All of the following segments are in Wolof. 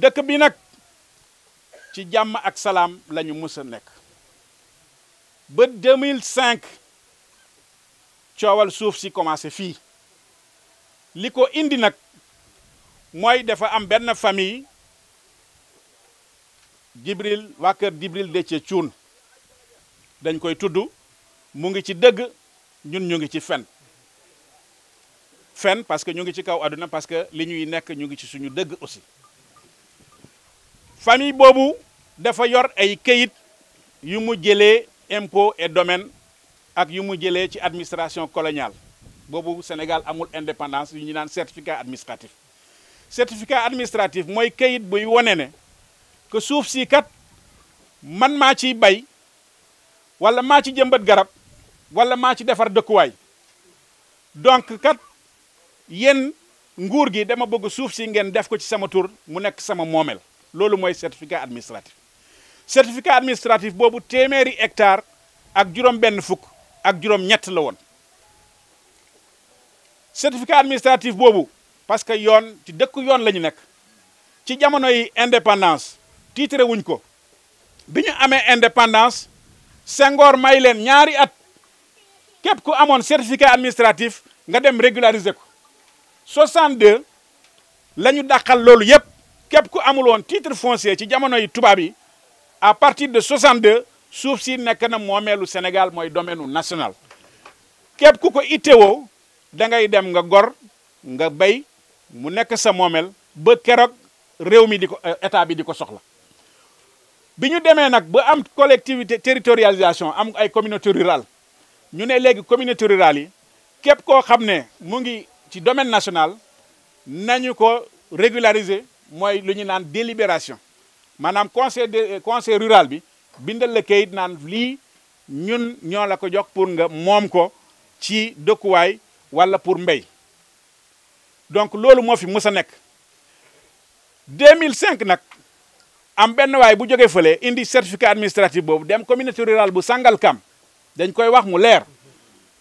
dekk bi nag ci jàmm ak salaam lañu mës a nekk ba 2005 coowal suuf si commencé fii Liko ko indi nag mooy dafa am benn famille Jibril Gibril jibril de Déthié dañ koy tudd mu ngi ci dëgg ñun ñu ngi ci fen fen parce que ñu ngi ci kaw aduna parce que li ñuy nekk ñu ngi ci suñu dëgg aussi famille Bobu, dafa yor ay këyit yu mu jëlee impôt et domaine ak yu mu jëlee ci administration coloniale Bobu Sénégal amul indépendance yu ñu naan certificat administratif certificat administratif moy këyit bu wone ne que souf si kat man ma ci bay wala ma ci jëmbat garab wala ma ci defar dëkkuwaay donc kat yéen nguur gi dama bëgg souf si ngeen def ko ci sama tour mu nekk sama momel loolu mooy certificat administratif certificat administratif boobu téeméeri hectare ak juróom benn fukk ak juróom ñett la woon certificat administratif boobu parce que yoon ci dëkku yoon la ñu nekk ci jamono yi indépendance tiitre wuñ ko bi ñu amee indépendance Senghor may leen ñaari at képp ku amoon certificat administratif nga dem régulariser ko 62 la ñu daqal loolu yëpp képp ku amul woon titre foncier ci jamono yi tubaab yi à partir de 62 suuf si nekk na moomeelu Sénégal mooy domaine national képp ku ko itteewoo da ngay dem nga gor nga bay mu nekk sa moomeel ba keroog réew mi di ko euh, état bi di ko soxla bi ñu demee nag ba am collectivité territorialisation am ay communauté rurale ñu ne léegi communauté rurale yi képp koo xam ne mu ngi ci domaine national nañu ko régulariser moy lu ñu naan délibération manam conseil de euh, conseil rural bi bindal le kayit nane li ñun ñoo la ko jox pour nga mom ko ci walla pour mbey donc lolu mo fi mësa nek 2005 nak, am benn way bu joggé feulé indi certificat administratif bobu dem communauté rurale bu kam dañ koy wax mu leer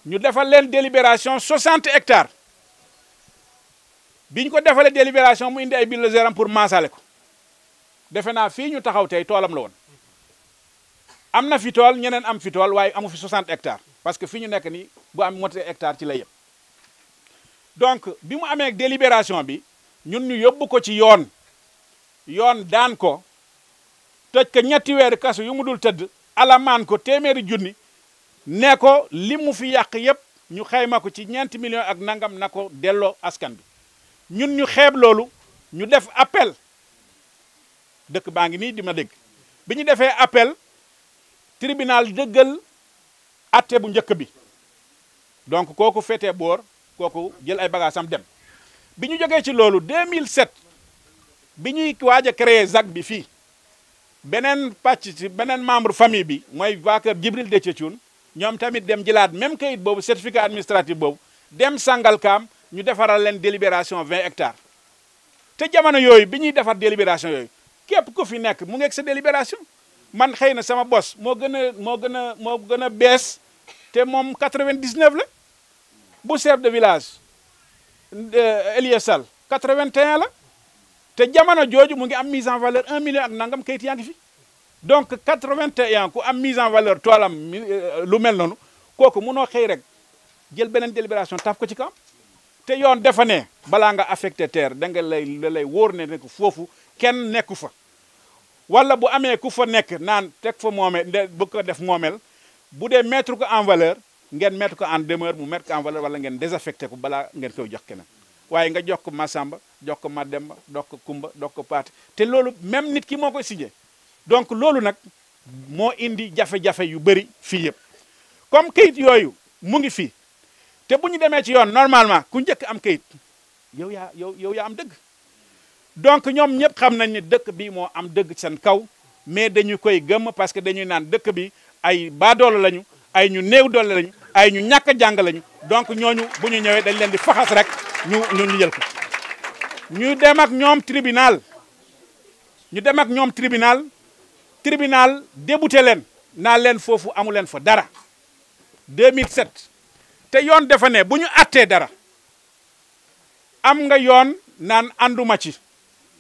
ñu défal leen délibération 60 hectares biñ ko defalee délibération mu indi ay bill géram pour maasale ko defe naa fii ñu taxaw tey toolam la woon am na fi tool ñeneen am fi tool waaye amu fi 60 hectares parce que fi ñu nekk ni bu am moitié hectare ci la yëpp donc bi mu amee délibération bi ñun ñu yóbbu ko ci yoon yoon daan ko tëj ko ñetti weeri kasu yu mu dul tëdd alamaan ko téeméeri junni ne ko li mu fi yàq yëpp ñu xayma ko ci ñeent million ak nangam na ko delloo askan bi ñun ñu xeeb loolu ñu def appel dëkk baa ngi nii di ma dégg bi ñu defee appel tribunal dëggal atte bu njëkk bi donc kooku féetee boor kooku jël ay bagaasam dem bi ñu jógee ci loolu 2007 bi ñuy waaj a créer ZAC bi fii beneen pàcc beneen membre famille bi mooy vaqueur Djibril Déthié Thioune ñoom tamit dem jilaat même kayit boobu certificat administratif boobu dem Sangalkam ñu défaral leen délibération 20 hectares té jamono yoy bi ñuy defar délibération yoy képp ku fi nekk mu ngeeg sa délibération man xeyna sama boss mo gëna mo gëna mo gëna moo té mom 99 la bu chef de village euh, Elie Sall 81 la té jamono jooju mu ngi am mise en valeur 1 million ak nangam kayit yaa fi donc 81 ku am mise en valeur toolam euh, lu mel noonu kooku munoo xey rek jël benen délibération taf ko ci kam te yoon dafa ne balaa nga affecté terre da nga lay da lay wóor ne nekk foofu kenn nekku fa wala bu amee ku fa nekk naan teg fa moomeel bu ko def moomeel bu dee mettre ko envaleur ngeen mettre ko en demeure mu mettre ko wala ngeen désaffecté ko balaa ngeen koy jox waaye nga jox ko Massamba jox ko Mademba jox ko Kumba jox ko Paate te loolu même nit ki moo koy signé donc loolu nag moo indi jafe-jafe yu bëri fii yëpp comme kayit yooyu mu ngi fii te bu ñu demee ci yoon normalement ku njëkk am kayit yow yaa yow yow yaa am dëgg donc ñoom ñëpp xam nañ ni dëkk bii moo am dëgg seen kaw mais dañu koy gëm parce que dañuy naan dëkk bi ay baadoolo lañu ay ñu néew doole lañu ay ñu ñàkk a jàng lañu donc ñooñu bu ñu ñëwee dañ leen di faxas rek ñu ñu ñu jël ko. ñu dem ak ñoom tribunal ñu dem ak ñoom tribunal tribunal débute leen naa leen foofu amu leen fa dara 2007. te yoon dafa ne bu ñu attee dara am nga yoon naan anduma ci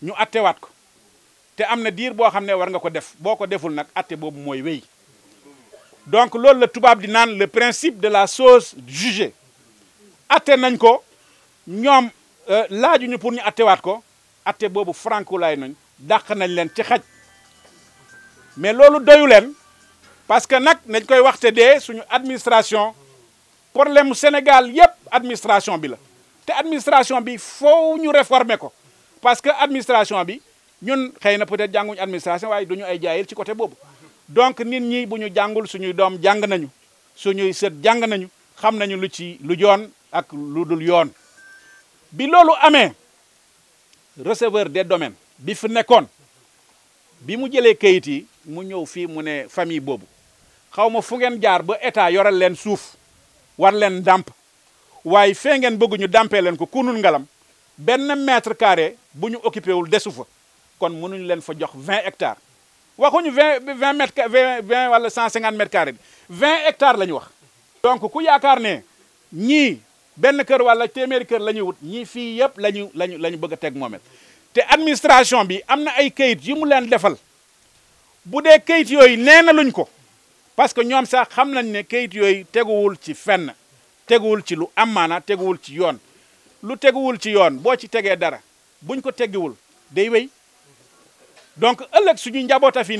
ñu attewaat ko te am na diir boo xam ne war nga ko def boo ko deful nag atte boobu mooy wéy donc loolu la tubaab di naan le principe de la chose jugée atte nañ ko ñoom euh, laajuñu pour ñu attewaat ko atte boobu franco lay nañ dàq nañ leen ci xaj mais loolu doyu leen parce que nag nañ koy waxte dee suñu administration problème Sénégal yépp administration bi la te administration bi foo ñu réformer ko parce que administration bi ñun xëy na peut-être jànguñu administration waaye duñu ay jaayil ci côté boobu donc nit ñi bu ñu jàngul suñuy doom jàng nañu suñuy sët jàng nañu xam nañu lu ci lu joon ak lu dul yoon bi loolu amee receveur des domaines bi fu nekkoon bi mu jëlee kayit yi mu ñëw fii mu ne famille boobu xaw ma fu ngeen jaar ba état yoral leen suuf war leen damp waaye fee ngeen bëgg ñu dàmpee ko kunul ngalam benn mètre carré bu ñu occupé kon mënuñu leen fa 20 hectares waxuñu 20 20 mètres 20 wala 150 mètres carrés 20 hectares donc ku yaakaar ne ñii benn wala téeméeri kër la wut ñii fii a te administration bi am ay mu defal parce que nous sax xam nañ ne keuyit yoy ci fenn teguwul ci lu am maana ci yoon lu ci yoon bo ci dara buñ ko donc ëllëg suñu fi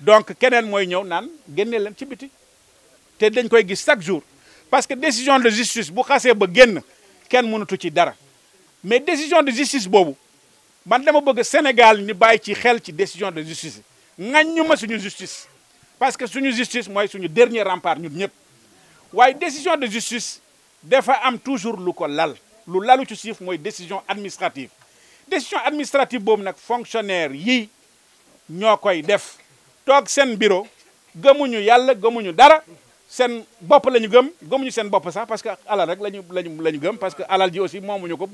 donc keneen moy nan ci biti dañ koy gis chaque jour parce que décision de justice bu xasee ba génn kenn mënatu ci dara mais décision de justice bobu man dama bëgg Sénégal ni bay ci xel ci décision de justice ŋañ justice parce que une justice c'est une dernier rempart de la décision de justice y toujours Ce ko lal lu lalu ci c'est la décision administrative décision administrative boobu fonctionnaires, fonctionnaire yi def bureau ne dara gëm Sen fait. ça. parce que alal rek lañu lañu parce que alal aussi bureau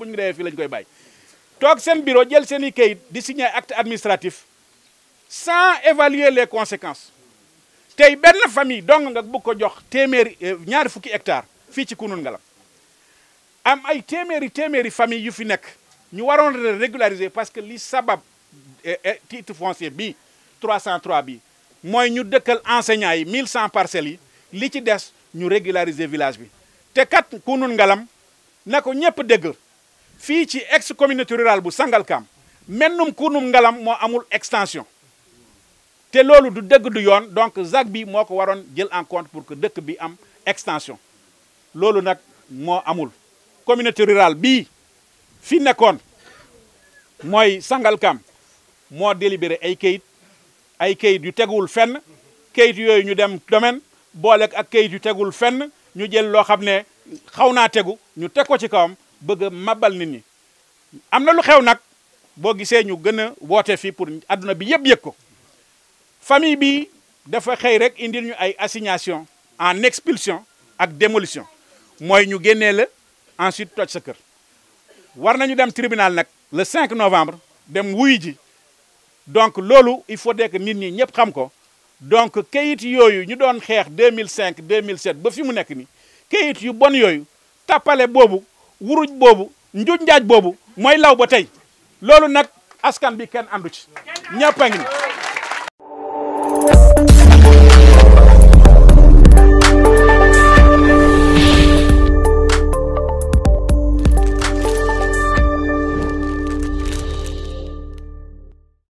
jël sen di acte administratif sans évaluer les conséquences tey benn famille dong nga bëgg ko jox téeméeri eh, ñaari fukki hectare fii ci Kounoune Ngalaw am ay téeméeri téeméeri famille yu fi nekk ñu waroon régulariser parce que li sabab eh, eh, titre foncier bi 303 bi mooy ñu dëkkal enseignants yi 1100 parcelles yi li ci des ñu régulariser village bi te kat Kounoune Ngalaw na ko ñëpp dégg fii ci ex communauté rurale bu sangal Sangalkam mennum Kounoune Ngalaw moo amul extension te loolu du dëgg du yoon donc ZAC bi moo ko waroon jël en compte pour que dëkk bi am extension loolu nag moo amul communauté rural bii fi nekkoon mooy Sangalkam moo délibéré ay kayit ay kayit yu teguwul fenn kayit yooyu ñu dem domaine boole ak kayit yu tegul fenn ñu jël loo xam ne xaw naa tegu ñu teg ko ci kawam bëgg mabal nit ñi am na lu xew nag boo gisee ñu gën a woote fii pour àdduna bi yëpp yëg ko famille bi dafa xey rek indil ñu ay assignation en expulsion ak démolition moy ñu génnee la ensuite toj sa kër war nañu dem tribunal nak le 5 novembre dem wuy ji donc lolu il faut que nit ñi ñep xam ko donc kayit yoyu ñu doon xex 2005 2007 ba fi mu nekk ni kayit yu bon yoyu tapalé bobu wuruj bobu njuj njaaj boobu mooy law ba tay lolu nak askan bi ken andu ci ñëpp ngi